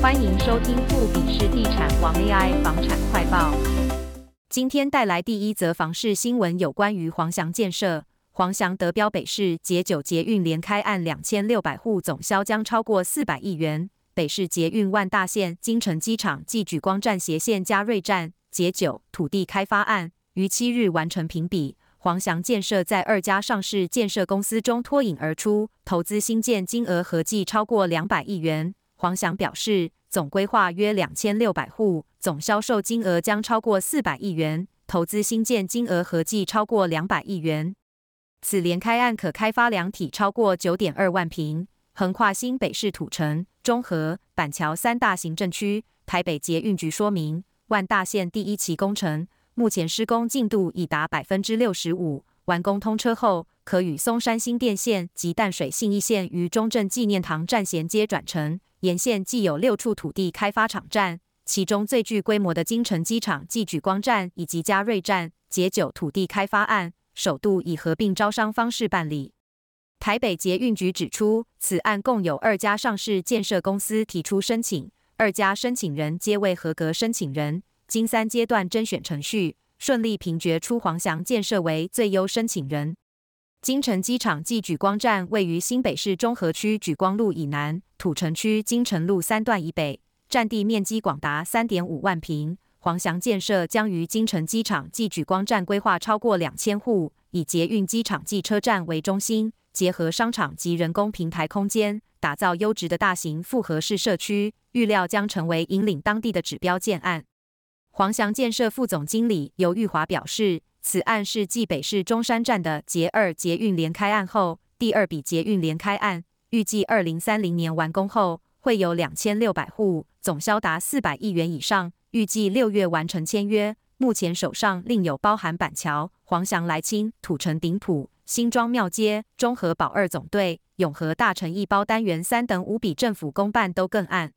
歡迎收聽富比士地產王 AI 房產快報。今天帶來第一則房市新聞，有關於皇翔建設。皇翔得標北市捷九捷運連開案兩千六百戶，總銷將超過四百億元。北市捷運萬大線金城機場暨莒光站斜線嘉瑞站捷九土地開發案，於七日完成評比。皇翔建設在二家上市建設公司中脫穎而出，投資新建金額合計超過兩百億元。皇翔表示，總規劃約兩千六百戶，總銷售金額將超過四百億元，投資新建金額合計超過兩百億元。此聯開案可開發量體超過九點二萬坪，橫跨新北市土城、中和、板橋三大行政區。台北捷運局說明，萬大線第一期工程目前施工進度已達百分之六十五，完工通車後可與松山新店線及淡水信義線於中正紀念堂站銜接轉乘。沿線既有六處土地開發場站，其中最具規模的金城機廠暨莒光站以及嘉瑞站捷九土地開發案，首度以合併招商方式辦理。台北捷運局指出，此案共有二家上市建設公司提出申請，二家申請人皆為合格申請人，經三階段甄選程序順利評決出皇翔建設為最優申請人。金城機廠暨莒光站位於新北市中和區莒光路以南、土城區金城路三段以北，佔地面積廣達三點五萬坪。皇翔建設將於金城機廠暨莒光站規劃超過兩千戶，以捷運機廠暨車站為中心，結合商場及人工平台空間，打造優質的大型複合式社區，預料將成為引領當地的指標建案。皇翔建設副總經理尤玉華表示。此案是台北市中山站的捷二捷運聯開案後第二筆捷運聯開案，預計二零三零年完工後會有兩千六百戶，總銷達四百億元以上，預計六月完成簽約。目前手上另有包含板橋、黃祥、來清、土城、頂埔、新莊、廟街、中和、寶二總隊、永和、大城一包單元三等五筆政府公辦都更案。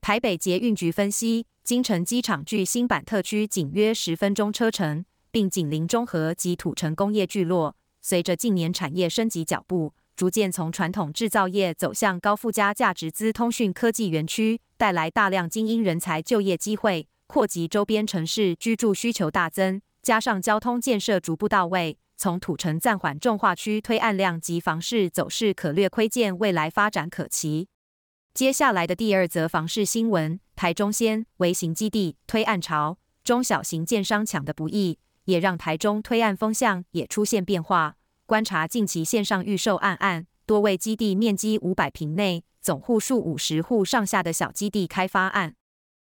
台北捷運局分析，金城機場距新版特區僅約十分鐘車程。並緊鄰中和及土城工業聚落，隨着近年產業升級腳步，逐漸從傳統製造業走向高附加價值資通訊科技園區，帶來大量精英人才就業機會，擴及周邊城市居住需求大增。加上交通建設逐步到位，從土城暫緩重劃區推案量及房市走勢，可略窺見未來發展可期。接下來的第二則房市新聞，台中掀微型基地推案潮，中小型建商搶得不易。也讓台中推案風向也出現變化。觀察近期線上預售案，案多為基地面積五百坪內、總戶數五十戶上下的小基地開發案。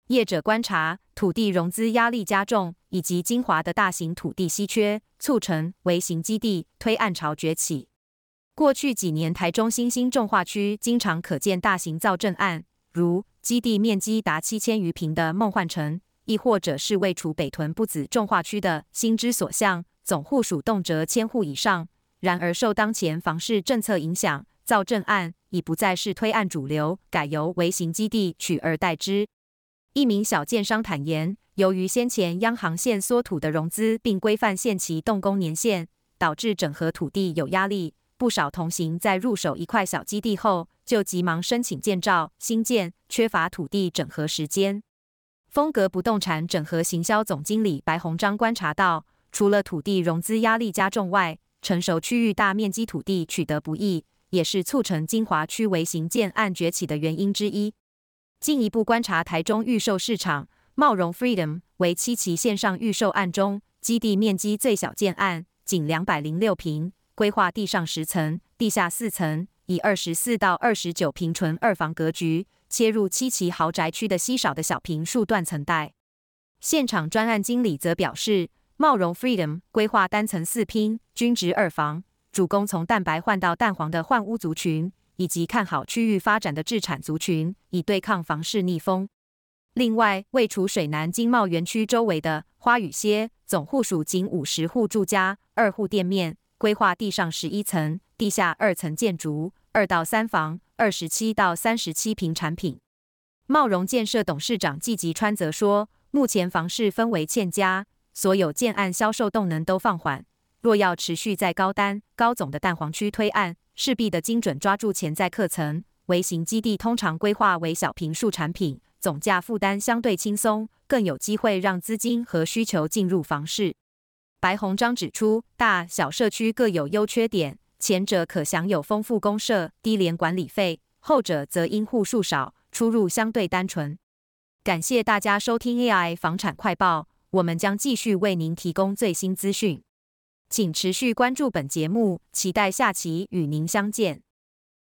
業者觀察，土地融資壓力加重，以及精華的大型土地稀缺，促成微型基地推案潮崛起。過去幾年，台中新興重化區經常可見大型造鎮案，如基地面積達七千餘坪的夢幻城。亦或者是位處北屯廍子重劃區的心之所向，總戶數動輒千戶以上。然而，受當前房市政策影響，造鎮案已不再是推案主流，改由微型基地取而代之。一名小建商坦言，由於先前央行限縮土的融資，並規範限期動工年限，導致整合土地有壓力。不少同行在入手一塊小基地後，就急忙申請建照興建，缺乏土地整合時間。風格不動產整合行銷總經理白鴻章觀察到，除了土地融資壓力加重外，成熟區域大面積土地取得不易，也是促成精華區微型建案崛起的原因之一。進一步觀察台中預售市場，茂榮 Freedom 為七期線上預售案中，基地面積最小建案，僅兩百零六平，規劃地上十層、地下四層，以二十四到二十九平純二房格局。切入七期豪宅區的稀少的小坪數斷層帶，現場專案經理則表示，茂榮 Freedom 規劃單層四拼均值二房，主攻從蛋白換到蛋黃的換屋族群，以及看好區域發展的置產族群，以對抗房市逆風。另外，位處水湳經貿園區周圍的花語街，總戶數僅五十戶住家，二戶店面，規劃地上十一層、地下二層建築。二到三房，二十七到三十七坪產品。茂榮建設董事長季吉川則說，目前房市氛圍欠佳，所有建案銷售動能都放緩。若要持續在高單高總的蛋黃區推案，勢必得精準抓住潛在客層。微型基地通常規劃為小坪數產品，總價負擔相對輕鬆，更有機會讓資金和需求進入房市。白鴻章指出，大小社區各有優缺點。前者可享有豐富公設、低廉管理費，後者則因戶數少，出入相對單純。感謝大家收聽 AI 房產快報，我們將繼續為您提供最新資訊。請持續關注本節目，期待下期與您相見。